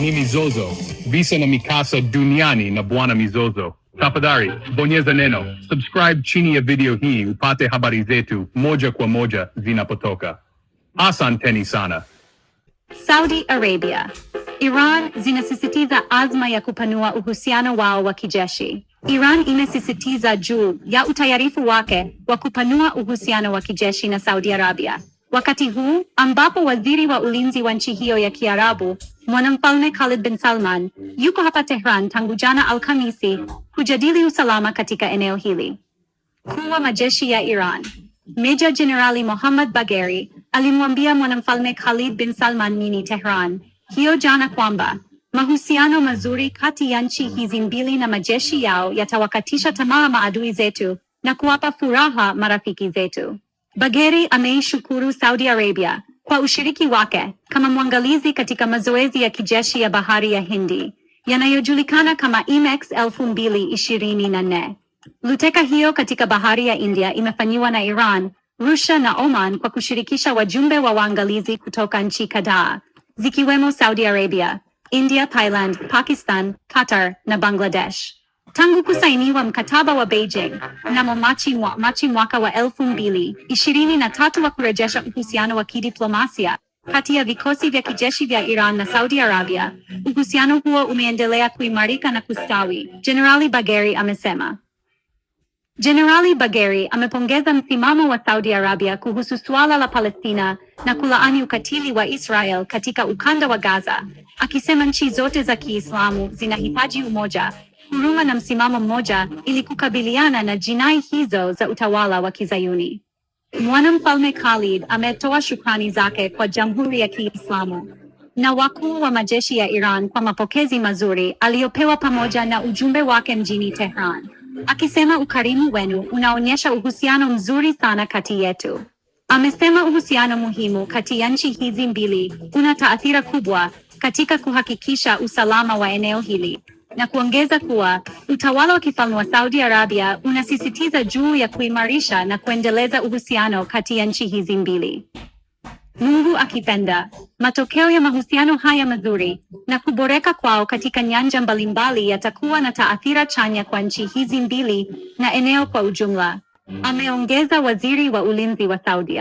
ni mizozo visa na mikasa duniani na bwana mizozo tafadhali bonyeza neno subscribe chini ya video hii upate habari zetu moja kwa moja zinapotoka asanteni sana saudi arabia iran zinasisitiza azma ya kupanua uhusiano wao wa kijeshi Iran imesisitiza juu ya utayarifu wake wa kupanua uhusiano wa kijeshi na Saudi Arabia Wakati huu ambapo waziri wa ulinzi wa nchi hiyo ya Kiarabu, mwanamfalme Khalid bin Salman, yuko hapa Tehran tangu jana Alhamisi kujadili usalama katika eneo hili. Mkuu wa majeshi ya Iran, Meja Jenerali Mohammad Bagheri, alimwambia mwanamfalme Khalid bin Salman nini Tehran hiyo jana kwamba mahusiano mazuri kati ya nchi hizi mbili na majeshi yao yatawakatisha tamaa maadui zetu na kuwapa furaha marafiki zetu bageri ameishukuru Saudi Arabia kwa ushiriki wake kama mwangalizi katika mazoezi ya kijeshi ya Bahari ya Hindi yanayojulikana kama IMEX 2024. Luteka hiyo katika Bahari ya India imefanyiwa na Iran, Russia na Oman kwa kushirikisha wajumbe wa waangalizi kutoka nchi kadhaa zikiwemo Saudi Arabia, India, Thailand, Pakistan, Qatar na Bangladesh. Tangu kusainiwa mkataba wa Beijing mnamo Machi, mwa, Machi mwaka wa elfu mbili ishirini na tatu wa kurejesha uhusiano wa kidiplomasia kati ya vikosi vya kijeshi vya Iran na Saudi Arabia, uhusiano huo umeendelea kuimarika na kustawi, Jenerali Bagheri amesema. Jenerali Bagheri amepongeza msimamo wa Saudi Arabia kuhusu suala la Palestina na kulaani ukatili wa Israel katika ukanda wa Gaza, akisema nchi zote za Kiislamu zinahitaji umoja huruma na msimamo mmoja ili kukabiliana na jinai hizo za utawala wa Kizayuni. Mwanamfalme Khalid ametoa shukrani zake kwa Jamhuri ya Kiislamu na wakuu wa majeshi ya Iran kwa mapokezi mazuri aliyopewa pamoja na ujumbe wake mjini Tehran, akisema ukarimu wenu unaonyesha uhusiano mzuri sana kati yetu. Amesema uhusiano muhimu kati ya nchi hizi mbili una taathira kubwa katika kuhakikisha usalama wa eneo hili na kuongeza kuwa utawala wa kifalme wa Saudi Arabia unasisitiza juu ya kuimarisha na kuendeleza uhusiano kati ya nchi hizi mbili. Mungu akipenda, matokeo ya mahusiano haya mazuri na kuboreka kwao katika nyanja mbalimbali yatakuwa na taathira chanya kwa nchi hizi mbili na eneo kwa ujumla, ameongeza waziri wa ulinzi wa Saudia.